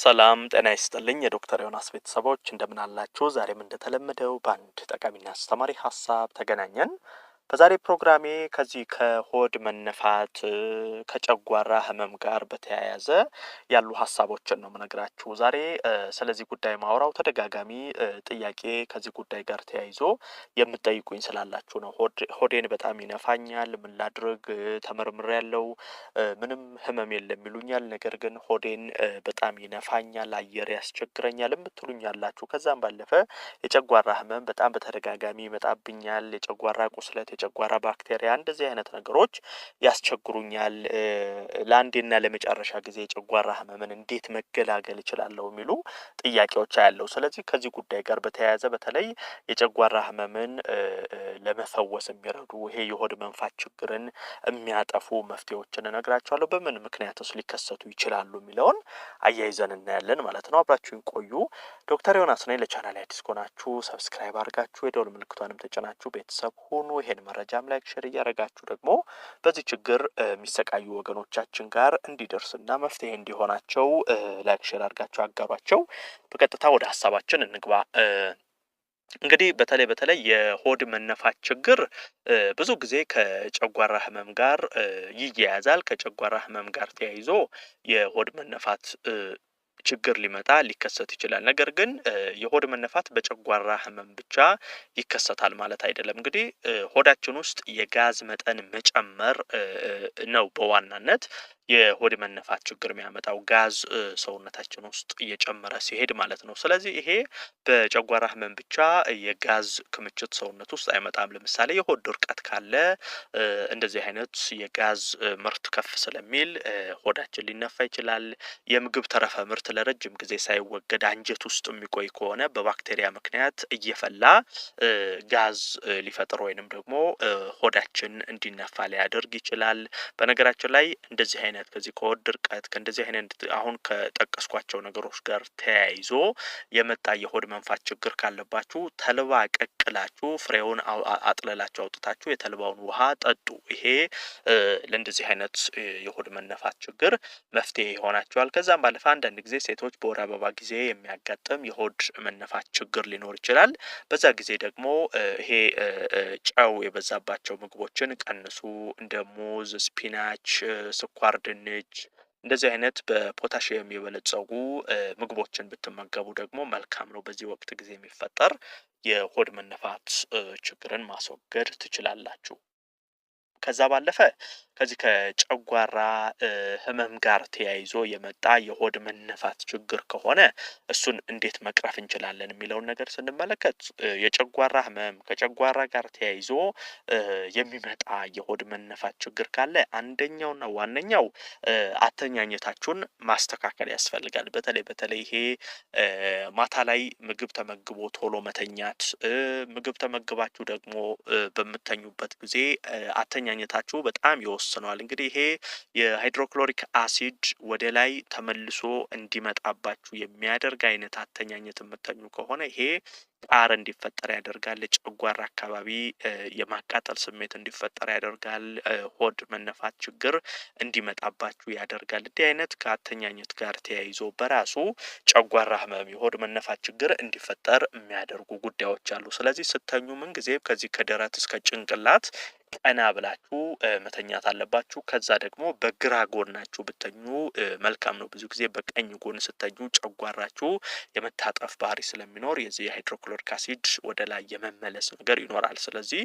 ሰላም ጤና ይስጥልኝ የዶክተር ዮናስ ቤተሰቦች እንደምን አላችሁ? ዛሬም እንደተለመደው በአንድ ጠቃሚና አስተማሪ ሀሳብ ተገናኘን። በዛሬ ፕሮግራሜ ከዚህ ከሆድ መነፋት ከጨጓራ ህመም ጋር በተያያዘ ያሉ ሀሳቦችን ነው የምነግራችሁ። ዛሬ ስለዚህ ጉዳይ ማውራው ተደጋጋሚ ጥያቄ ከዚህ ጉዳይ ጋር ተያይዞ የምትጠይቁኝ ስላላችሁ ነው። ሆዴን በጣም ይነፋኛል፣ ምን ላድርግ? ያለው ምንም ህመም የለም ይሉኛል። ነገር ግን ሆዴን በጣም ይነፋኛል፣ አየር ያስቸግረኛል የምትሉኝ አላችሁ። ከዛም ባለፈ የጨጓራ ህመም በጣም በተደጋጋሚ ይመጣብኛል፣ የጨጓራ ቁስለት የጨጓራ ባክቴሪያ እንደዚህ አይነት ነገሮች ያስቸግሩኛል፣ ለአንዴና ለመጨረሻ ጊዜ የጨጓራ ህመምን እንዴት መገላገል እችላለሁ የሚሉ ጥያቄዎች አያለው። ስለዚህ ከዚህ ጉዳይ ጋር በተያያዘ በተለይ የጨጓራ ህመምን ለመፈወስ የሚረዱ ይሄ የሆድ መንፋት ችግርን የሚያጠፉ መፍትሄዎችን እነግራቸዋለሁ። በምን ምክንያትስ ሊከሰቱ ይችላሉ የሚለውን አያይዘን እናያለን ማለት ነው። አብራችሁን ቆዩ። ዶክተር ዮናስ ነኝ። ለቻናል አዲስ ከሆናችሁ ሰብስክራይብ አድርጋችሁ የደወል ምልክቷንም ተጭናችሁ ቤተሰብ ሁኑ። ይሄን መረጃም ላይክ፣ ሼር እያደረጋችሁ ደግሞ በዚህ ችግር የሚሰቃዩ ወገኖቻችን ጋር እንዲደርስና መፍትሄ እንዲሆናቸው ላይክ፣ ሼር አድርጋችሁ አጋሯቸው። በቀጥታ ወደ ሀሳባችን እንግባ። እንግዲህ በተለይ በተለይ የሆድ መነፋት ችግር ብዙ ጊዜ ከጨጓራ ህመም ጋር ይያያዛል። ከጨጓራ ህመም ጋር ተያይዞ የሆድ መነፋት ችግር ሊመጣ ሊከሰት ይችላል። ነገር ግን የሆድ መነፋት በጨጓራ ህመም ብቻ ይከሰታል ማለት አይደለም። እንግዲህ ሆዳችን ውስጥ የጋዝ መጠን መጨመር ነው በዋናነት የሆድ መነፋት ችግር የሚያመጣው ጋዝ ሰውነታችን ውስጥ እየጨመረ ሲሄድ ማለት ነው። ስለዚህ ይሄ በጨጓራ ህመም ብቻ የጋዝ ክምችት ሰውነት ውስጥ አይመጣም። ለምሳሌ የሆድ ድርቀት ካለ እንደዚህ አይነት የጋዝ ምርት ከፍ ስለሚል ሆዳችን ሊነፋ ይችላል። የምግብ ተረፈ ምርት ለረጅም ጊዜ ሳይወገድ አንጀት ውስጥ የሚቆይ ከሆነ በባክቴሪያ ምክንያት እየፈላ ጋዝ ሊፈጥር ወይንም ደግሞ ሆዳችን እንዲነፋ ሊያደርግ ይችላል። በነገራችን ላይ እንደዚህ አይነት ከዚህ ከሆድ ድርቀት ከእንደዚህ አይነት አሁን ከጠቀስኳቸው ነገሮች ጋር ተያይዞ የመጣ የሆድ መንፋት ችግር ካለባችሁ ተልባ ቀቅላችሁ ፍሬውን አጥለላችሁ አውጥታችሁ የተልባውን ውሃ ጠጡ። ይሄ ለእንደዚህ አይነት የሆድ መነፋት ችግር መፍትሄ ይሆናቸዋል። ከዛም ባለፈ አንዳንድ ጊዜ ጊዜ ሴቶች በወር አበባ ጊዜ የሚያጋጥም የሆድ መነፋት ችግር ሊኖር ይችላል። በዛ ጊዜ ደግሞ ይሄ ጨው የበዛባቸው ምግቦችን ቀንሱ። እንደ ሙዝ፣ ስፒናች፣ ስኳር ድንች እንደዚህ አይነት በፖታሽየም የበለጸጉ ምግቦችን ብትመገቡ ደግሞ መልካም ነው። በዚህ ወቅት ጊዜ የሚፈጠር የሆድ መነፋት ችግርን ማስወገድ ትችላላችሁ። ከዛ ባለፈ ከዚህ ከጨጓራ ህመም ጋር ተያይዞ የመጣ የሆድ መነፋት ችግር ከሆነ እሱን እንዴት መቅረፍ እንችላለን የሚለውን ነገር ስንመለከት የጨጓራ ህመም ከጨጓራ ጋር ተያይዞ የሚመጣ የሆድ መነፋት ችግር ካለ አንደኛውና ዋነኛው አተኛኘታችሁን ማስተካከል ያስፈልጋል። በተለይ በተለይ ይሄ ማታ ላይ ምግብ ተመግቦ ቶሎ መተኛት፣ ምግብ ተመግባችሁ ደግሞ በምተኙበት ጊዜ አተኛኘታችሁ በጣም የወስ ወስነዋል። እንግዲህ ይሄ የሃይድሮክሎሪክ አሲድ ወደ ላይ ተመልሶ እንዲመጣባችሁ የሚያደርግ አይነት አተኛኘት የምተኙ ከሆነ ይሄ ቃር እንዲፈጠር ያደርጋል። ጨጓራ አካባቢ የማቃጠል ስሜት እንዲፈጠር ያደርጋል። ሆድ መነፋት ችግር እንዲመጣባችሁ ያደርጋል። እንዲህ አይነት ከአተኛኘት ጋር ተያይዞ በራሱ ጨጓራ ህመም፣ የሆድ መነፋት ችግር እንዲፈጠር የሚያደርጉ ጉዳዮች አሉ። ስለዚህ ስተኙ ጊዜ ከዚህ ከደረት እስከ ጭንቅላት ቀና ብላችሁ መተኛት አለባችሁ። ከዛ ደግሞ በግራ ጎናችሁ ብተኙ መልካም ነው። ብዙ ጊዜ በቀኝ ጎን ስተኙ ጨጓራችሁ የመታጠፍ ባህሪ ስለሚኖር የዚህ የሃይድሮክሎሪክ አሲድ ወደ ላይ የመመለስ ነገር ይኖራል። ስለዚህ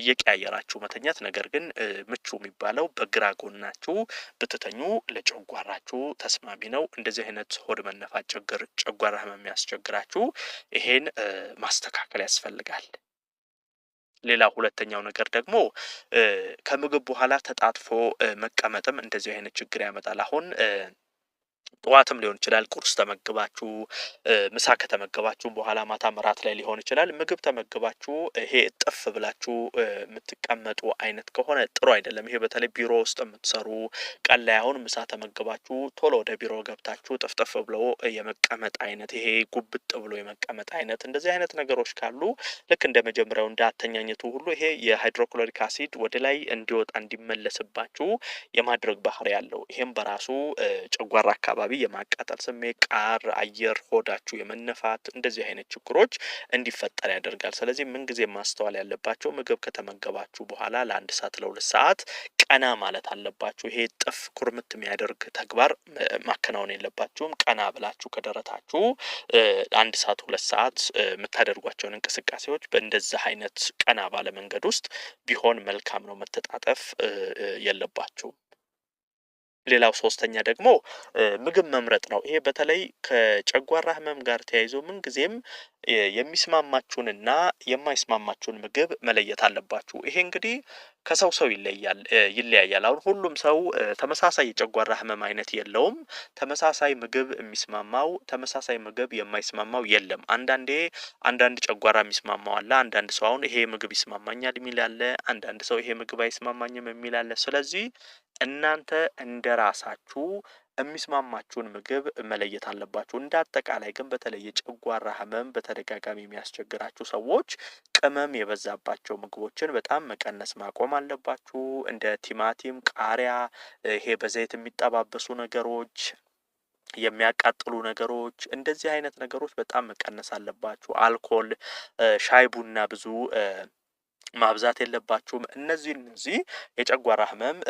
እየቀያየራችሁ መተኛት፣ ነገር ግን ምቹ የሚባለው በግራ ጎናችሁ ብትተኙ ለጨጓራችሁ ተስማሚ ነው። እንደዚህ አይነት ሆድ መነፋት ጨጓራ ህመም የሚያስቸግራችሁ ይሄን ማስተካከል ያስፈልጋል። ሌላ ሁለተኛው ነገር ደግሞ ከምግብ በኋላ ተጣጥፎ መቀመጥም እንደዚህ አይነት ችግር ያመጣል። አሁን ጠዋትም ሊሆን ይችላል። ቁርስ ተመግባችሁ ምሳ ከተመገባችሁ በኋላ ማታ መራት ላይ ሊሆን ይችላል። ምግብ ተመግባችሁ ይሄ እጥፍ ብላችሁ የምትቀመጡ አይነት ከሆነ ጥሩ አይደለም። ይሄ በተለይ ቢሮ ውስጥ የምትሰሩ ቀን ላይ አሁን ምሳ ተመግባችሁ ቶሎ ወደ ቢሮ ገብታችሁ ጥፍጥፍ ብሎ የመቀመጥ አይነት ይሄ ጉብጥ ብሎ የመቀመጥ አይነት እንደዚህ አይነት ነገሮች ካሉ ልክ እንደ መጀመሪያው እንደ አተኛኘቱ ሁሉ ይሄ የሃይድሮክሎሪክ አሲድ ወደ ላይ እንዲወጣ እንዲመለስባችሁ የማድረግ ባህሪ ያለው ይሄም በራሱ ጨጓራ አካባቢ የማቃጠል ስሜት፣ ቃር፣ አየር፣ ሆዳችሁ የመነፋት እንደዚህ አይነት ችግሮች እንዲፈጠር ያደርጋል። ስለዚህ ምንጊዜ ማስተዋል ያለባቸው ምግብ ከተመገባችሁ በኋላ ለአንድ ሰዓት ለሁለት ሰዓት ቀና ማለት አለባችሁ። ይሄ ጥፍ ኩርምት የሚያደርግ ተግባር ማከናወን የለባችሁም። ቀና ብላችሁ ከደረታችሁ አንድ ሰዓት ሁለት ሰዓት የምታደርጓቸውን እንቅስቃሴዎች በእንደዚህ አይነት ቀና ባለ መንገድ ውስጥ ቢሆን መልካም ነው። መተጣጠፍ የለባችሁም። ሌላው ሶስተኛ ደግሞ ምግብ መምረጥ ነው። ይሄ በተለይ ከጨጓራ ህመም ጋር ተያይዞ ምንጊዜም የሚስማማችሁንና የማይስማማችሁን ምግብ መለየት አለባችሁ። ይሄ እንግዲህ ከሰው ሰው ይለያል ይለያያል። አሁን ሁሉም ሰው ተመሳሳይ የጨጓራ ህመም አይነት የለውም። ተመሳሳይ ምግብ የሚስማማው ተመሳሳይ ምግብ የማይስማማው የለም። አንዳንዴ አንዳንድ ጨጓራ የሚስማማው አለ። አንዳንድ ሰው አሁን ይሄ ምግብ ይስማማኛል የሚል አለ። አንዳንድ ሰው ይሄ ምግብ አይስማማኝም የሚል አለ። ስለዚህ እናንተ እንደ ራሳችሁ የሚስማማችሁን ምግብ መለየት አለባችሁ። እንደ አጠቃላይ ግን በተለይ የጨጓራ ህመም በተደጋጋሚ የሚያስቸግራችሁ ሰዎች ቅመም የበዛባቸው ምግቦችን በጣም መቀነስ ማቆም አለባችሁ። እንደ ቲማቲም፣ ቃሪያ፣ ይሄ በዘይት የሚጠባበሱ ነገሮች የሚያቃጥሉ ነገሮች እንደዚህ አይነት ነገሮች በጣም መቀነስ አለባችሁ። አልኮል፣ ሻይ ቡና ብዙ ማብዛት የለባችሁም። እነዚህ እነዚህ የጨጓራ ህመም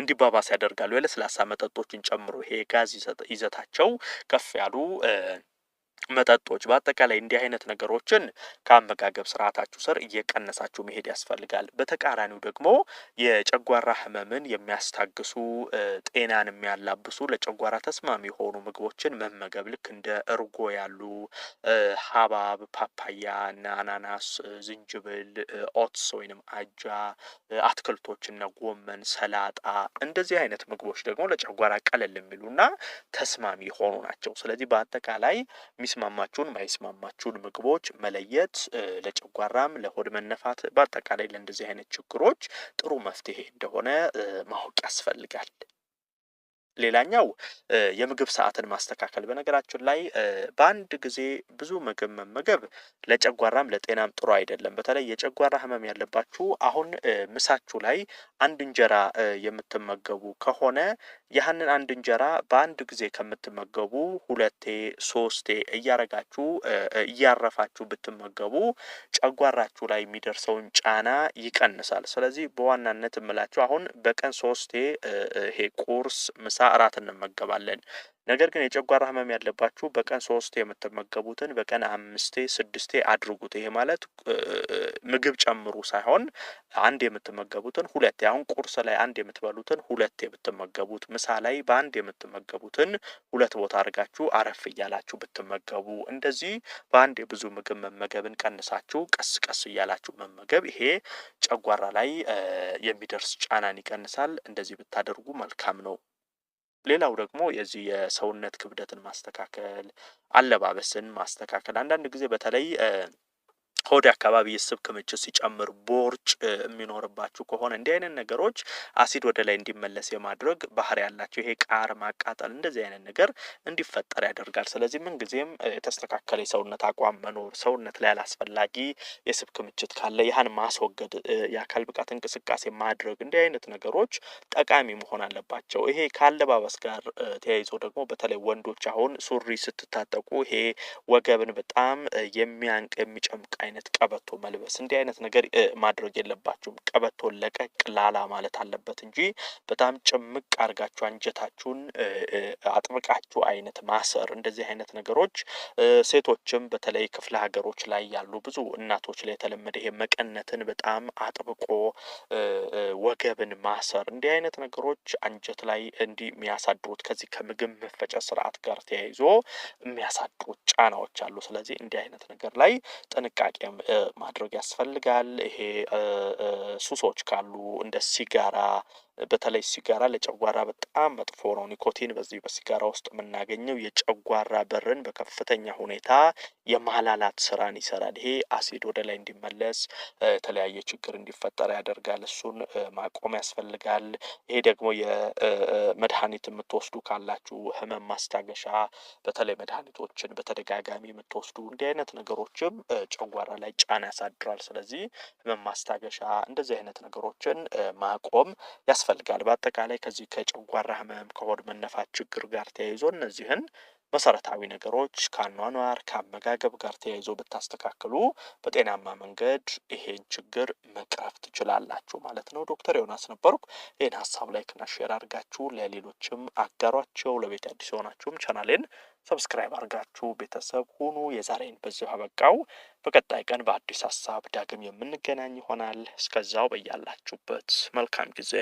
እንዲባባስ ያደርጋሉ። የለስላሳ መጠጦችን ጨምሮ ይሄ ጋዝ ይዘታቸው ከፍ ያሉ መጠጦች በአጠቃላይ እንዲህ አይነት ነገሮችን ከአመጋገብ ስርዓታችሁ ስር እየቀነሳችሁ መሄድ ያስፈልጋል። በተቃራኒው ደግሞ የጨጓራ ህመምን የሚያስታግሱ ጤናን የሚያላብሱ ለጨጓራ ተስማሚ የሆኑ ምግቦችን መመገብ ልክ እንደ እርጎ ያሉ ሀባብ፣ ፓፓያ እና አናናስ፣ ዝንጅብል፣ ኦትስ ወይንም አጃ፣ አትክልቶችና ጎመን፣ ሰላጣ እንደዚህ አይነት ምግቦች ደግሞ ለጨጓራ ቀለል የሚሉና ተስማሚ የሆኑ ናቸው። ስለዚህ በአጠቃላይ የሚስማማችሁን ማይስማማችሁን ምግቦች መለየት ለጨጓራም ለሆድ መነፋት በአጠቃላይ ለእንደዚህ አይነት ችግሮች ጥሩ መፍትሄ እንደሆነ ማወቅ ያስፈልጋል። ሌላኛው የምግብ ሰዓትን ማስተካከል። በነገራችን ላይ በአንድ ጊዜ ብዙ ምግብ መመገብ ለጨጓራም ለጤናም ጥሩ አይደለም። በተለይ የጨጓራ ህመም ያለባችሁ አሁን ምሳችሁ ላይ አንድ እንጀራ የምትመገቡ ከሆነ ያህንን አንድ እንጀራ በአንድ ጊዜ ከምትመገቡ ሁለቴ ሶስቴ እያረጋችሁ እያረፋችሁ ብትመገቡ ጨጓራችሁ ላይ የሚደርሰውን ጫና ይቀንሳል። ስለዚህ በዋናነት የምላችሁ አሁን በቀን ሶስቴ ይሄ ቁርስ ምሳ እራት እንመገባለን። ነገር ግን የጨጓራ ህመም ያለባችሁ በቀን ሶስቴ የምትመገቡትን በቀን አምስቴ ስድስቴ አድርጉት። ይሄ ማለት ምግብ ጨምሩ ሳይሆን አንድ የምትመገቡትን ሁለት አሁን ቁርስ ላይ አንድ የምትበሉትን ሁለት የምትመገቡት ምሳ ላይ በአንድ የምትመገቡትን ሁለት ቦታ አድርጋችሁ አረፍ እያላችሁ ብትመገቡ፣ እንደዚህ በአንድ የብዙ ምግብ መመገብን ቀንሳችሁ ቀስ ቀስ እያላችሁ መመገብ፣ ይሄ ጨጓራ ላይ የሚደርስ ጫናን ይቀንሳል። እንደዚህ ብታደርጉ መልካም ነው። ሌላው ደግሞ የዚህ የሰውነት ክብደትን ማስተካከል፣ አለባበስን ማስተካከል አንዳንድ ጊዜ በተለይ ሆድ አካባቢ የስብ ክምችት ሲጨምር ቦርጭ የሚኖርባችሁ ከሆነ እንዲህ አይነት ነገሮች አሲድ ወደ ላይ እንዲመለስ የማድረግ ባህሪ ያላቸው ይሄ ቃር ማቃጠል እንደዚህ አይነት ነገር እንዲፈጠር ያደርጋል። ስለዚህ ምን ጊዜም የተስተካከለ የሰውነት አቋም መኖር፣ ሰውነት ላይ አላስፈላጊ የስብ ክምችት ካለ ያህን ማስወገድ፣ የአካል ብቃት እንቅስቃሴ ማድረግ እንዲህ አይነት ነገሮች ጠቃሚ መሆን አለባቸው። ይሄ ከአለባበስ ጋር ተያይዞ ደግሞ በተለይ ወንዶች አሁን ሱሪ ስትታጠቁ ይሄ ወገብን በጣም የሚያንቅ የሚጨምቅ አይነት አይነት ቀበቶ መልበስ፣ እንዲህ አይነት ነገር ማድረግ የለባችሁም። ቀበቶን ለቀቅ ላላ ማለት አለበት እንጂ በጣም ጭምቅ አርጋችሁ አንጀታችሁን አጥብቃችሁ አይነት ማሰር፣ እንደዚህ አይነት ነገሮች ሴቶችም በተለይ ክፍለ ሀገሮች ላይ ያሉ ብዙ እናቶች ላይ የተለመደ ይሄ መቀነትን በጣም አጥብቆ ወገብን ማሰር፣ እንዲህ አይነት ነገሮች አንጀት ላይ እንዲህ የሚያሳድሩት ከዚህ ከምግብ መፈጨት ስርዓት ጋር ተያይዞ የሚያሳድሩት ጫናዎች አሉ። ስለዚህ እንዲህ አይነት ነገር ላይ ጥንቃቄ ማድረግ ያስፈልጋል። ይሄ ሱሶች ካሉ እንደ ሲጋራ በተለይ ሲጋራ ለጨጓራ በጣም መጥፎ ነው። ኒኮቲን በዚህ በሲጋራ ውስጥ የምናገኘው የጨጓራ በርን በከፍተኛ ሁኔታ የማላላት ስራን ይሰራል። ይሄ አሲድ ወደ ላይ እንዲመለስ የተለያየ ችግር እንዲፈጠር ያደርጋል። እሱን ማቆም ያስፈልጋል። ይሄ ደግሞ የመድኃኒት የምትወስዱ ካላችሁ ህመም ማስታገሻ በተለይ መድኃኒቶችን በተደጋጋሚ የምትወስዱ እንዲህ አይነት ነገሮችም ጨጓራ ላይ ጫና ያሳድራል። ስለዚህ ህመም ማስታገሻ እንደዚህ አይነት ነገሮችን ማቆም ያስ ያስፈልጋል። በአጠቃላይ ከዚህ ከጨጓራ ህመም ከሆድ መነፋት ችግር ጋር ተያይዞ እነዚህን መሰረታዊ ነገሮች ከአኗኗር ከአመጋገብ ጋር ተያይዞ ብታስተካክሉ በጤናማ መንገድ ይሄን ችግር መቅረፍ ትችላላችሁ ማለት ነው። ዶክተር ዮናስ ነበርኩ። ይህን ሀሳብ ላይክና ሼር አድርጋችሁ ለሌሎችም አጋሯቸው። ለቤት አዲስ የሆናችሁም ቻናሌን ሰብስክራይብ አድርጋችሁ ቤተሰብ ሁኑ። የዛሬን በዚሁ አበቃው። በቀጣይ ቀን በአዲስ ሀሳብ ዳግም የምንገናኝ ይሆናል። እስከዛው በያላችሁበት መልካም ጊዜ